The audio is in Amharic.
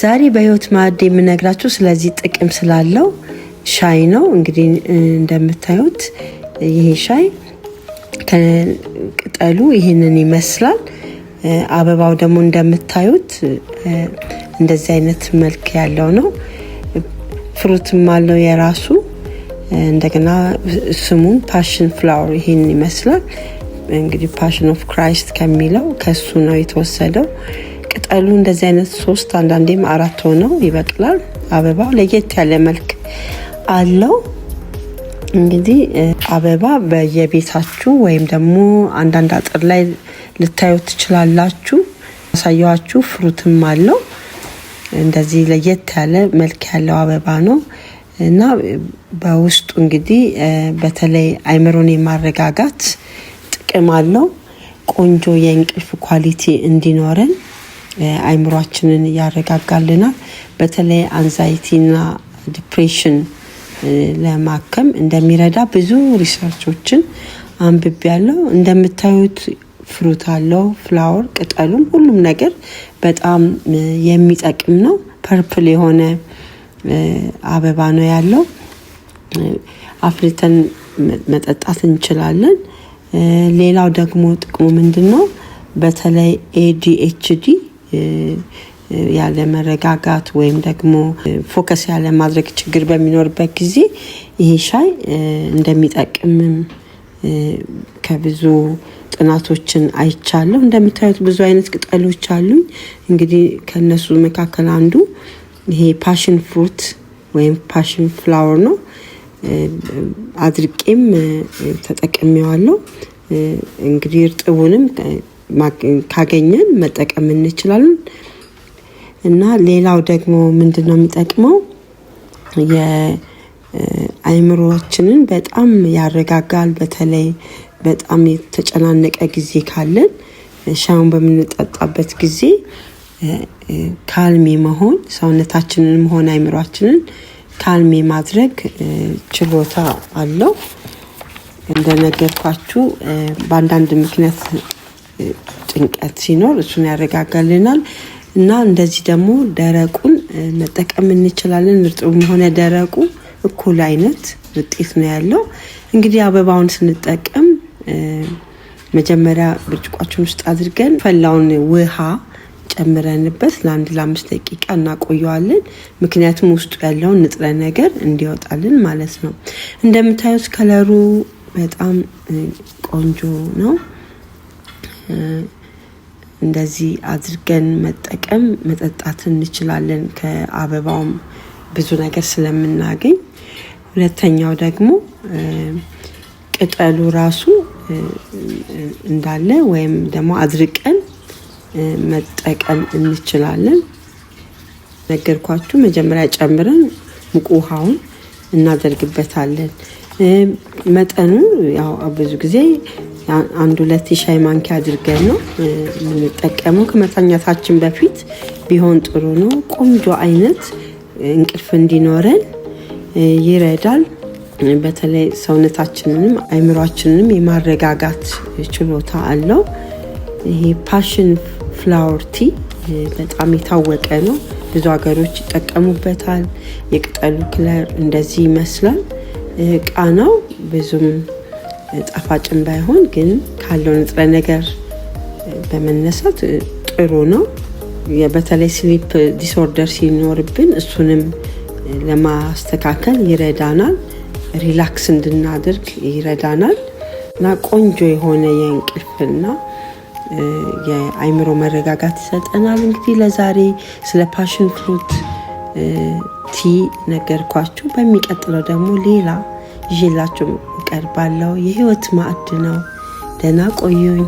ዛሬ በህይወት ማዕድ የምነግራችሁ ስለዚህ ጥቅም ስላለው ሻይ ነው። እንግዲህ እንደምታዩት ይሄ ሻይ ከቅጠሉ ይህንን ይመስላል። አበባው ደግሞ እንደምታዩት እንደዚህ አይነት መልክ ያለው ነው። ፍሩትም አለው የራሱ እንደገና ስሙም ፓሽን ፍላወር ይህን ይመስላል። እንግዲህ ፓሽን ኦፍ ክራይስት ከሚለው ከሱ ነው የተወሰደው። ቅጠሉ እንደዚህ አይነት ሶስት አንዳንዴም አራት ሆነው ይበቅላል። አበባው ለየት ያለ መልክ አለው። እንግዲህ አበባ በየቤታችሁ ወይም ደግሞ አንዳንድ አጥር ላይ ልታዩት ትችላላችሁ። ያሳየኋችሁ ፍሩትም አለው። እንደዚህ ለየት ያለ መልክ ያለው አበባ ነው እና በውስጡ እንግዲህ በተለይ አይምሮን የማረጋጋት ጥቅም አለው። ቆንጆ የእንቅልፍ ኳሊቲ እንዲኖረን አይምሯችንን ያረጋጋልናል። በተለይ አንዛይቲና ዲፕሬሽን ለማከም እንደሚረዳ ብዙ ሪሰርቾችን አንብቤ ያለው እንደምታዩት ፍሩት አለው ፍላወር፣ ቅጠሉም ሁሉም ነገር በጣም የሚጠቅም ነው። ፐርፕል የሆነ አበባ ነው ያለው። አፍልተን መጠጣት እንችላለን። ሌላው ደግሞ ጥቅሙ ምንድን ነው? በተለይ ኤዲኤችዲ ያለ መረጋጋት ወይም ደግሞ ፎከስ ያለ ማድረግ ችግር በሚኖርበት ጊዜ ይሄ ሻይ እንደሚጠቅምም ከብዙ ጥናቶችን አይቻለሁ። እንደምታዩት ብዙ አይነት ቅጠሎች አሉኝ። እንግዲህ ከነሱ መካከል አንዱ ይሄ ፓሽን ፍሩት ወይም ፓሽን ፍላወር ነው። አድርቄም ተጠቅሜዋለሁ። እንግዲህ እርጥቡንም ካገኘን መጠቀም እንችላለን። እና ሌላው ደግሞ ምንድን ነው የሚጠቅመው የአእምሮችንን በጣም ያረጋጋል። በተለይ በጣም የተጨናነቀ ጊዜ ካለን ሻውን በምንጠጣበት ጊዜ ካልሚ መሆን ሰውነታችንንም ሆነ አእምሯችንን ካልሜ ማድረግ ችሎታ አለው። እንደነገርኳችሁ በአንዳንድ ምክንያት ጭንቀት ሲኖር እሱን ያረጋጋልናል እና እንደዚህ ደግሞ ደረቁን መጠቀም እንችላለን። እርጥቡም ሆነ ደረቁ እኩል አይነት ውጤት ነው ያለው። እንግዲህ አበባውን ስንጠቀም መጀመሪያ ብርጭቋችን ውስጥ አድርገን ፈላውን ውሃ ጨምረንበት ለአንድ ለአምስት ደቂቃ እናቆየዋለን። ምክንያቱም ውስጡ ያለውን ንጥረ ነገር እንዲወጣልን ማለት ነው። እንደምታዩት ከለሩ በጣም ቆንጆ ነው። እንደዚህ አድርገን መጠቀም መጠጣት እንችላለን። ከአበባውም ብዙ ነገር ስለምናገኝ፣ ሁለተኛው ደግሞ ቅጠሉ ራሱ እንዳለ ወይም ደግሞ አድርቀን መጠቀም እንችላለን። ነገርኳችሁ፣ መጀመሪያ ጨምረን ሙቅ ውሃውን እናደርግበታለን። መጠኑ ያው ብዙ ጊዜ አንድ ሁለት የሻይ ማንኪያ አድርገን ነው የምንጠቀመው። ከመተኛታችን በፊት ቢሆን ጥሩ ነው። ቆንጆ አይነት እንቅልፍ እንዲኖረን ይረዳል። በተለይ ሰውነታችንንም አይምሯችንንም የማረጋጋት ችሎታ አለው። ይሄ ፓሽን ፍላወር ቲ በጣም የታወቀ ነው። ብዙ ሀገሮች ይጠቀሙበታል። የቅጠሉ ክለር እንደዚህ ይመስላል። ቃናው ብዙም ጣፋጭም ባይሆን ግን ካለው ንጥረ ነገር በመነሳት ጥሩ ነው። በተለይ ስሊፕ ዲስኦርደር ሲኖርብን እሱንም ለማስተካከል ይረዳናል። ሪላክስ እንድናደርግ ይረዳናል እና ቆንጆ የሆነ የእንቅልፍና የአይምሮ መረጋጋት ይሰጠናል። እንግዲህ ለዛሬ ስለ ፓሽን ፍሩት ቲ ነገርኳችሁ። በሚቀጥለው ደግሞ ሌላ ይዤላችሁ እቀርባለሁ። የህይወት ማዕድ ነው። ደህና ቆዩኝ።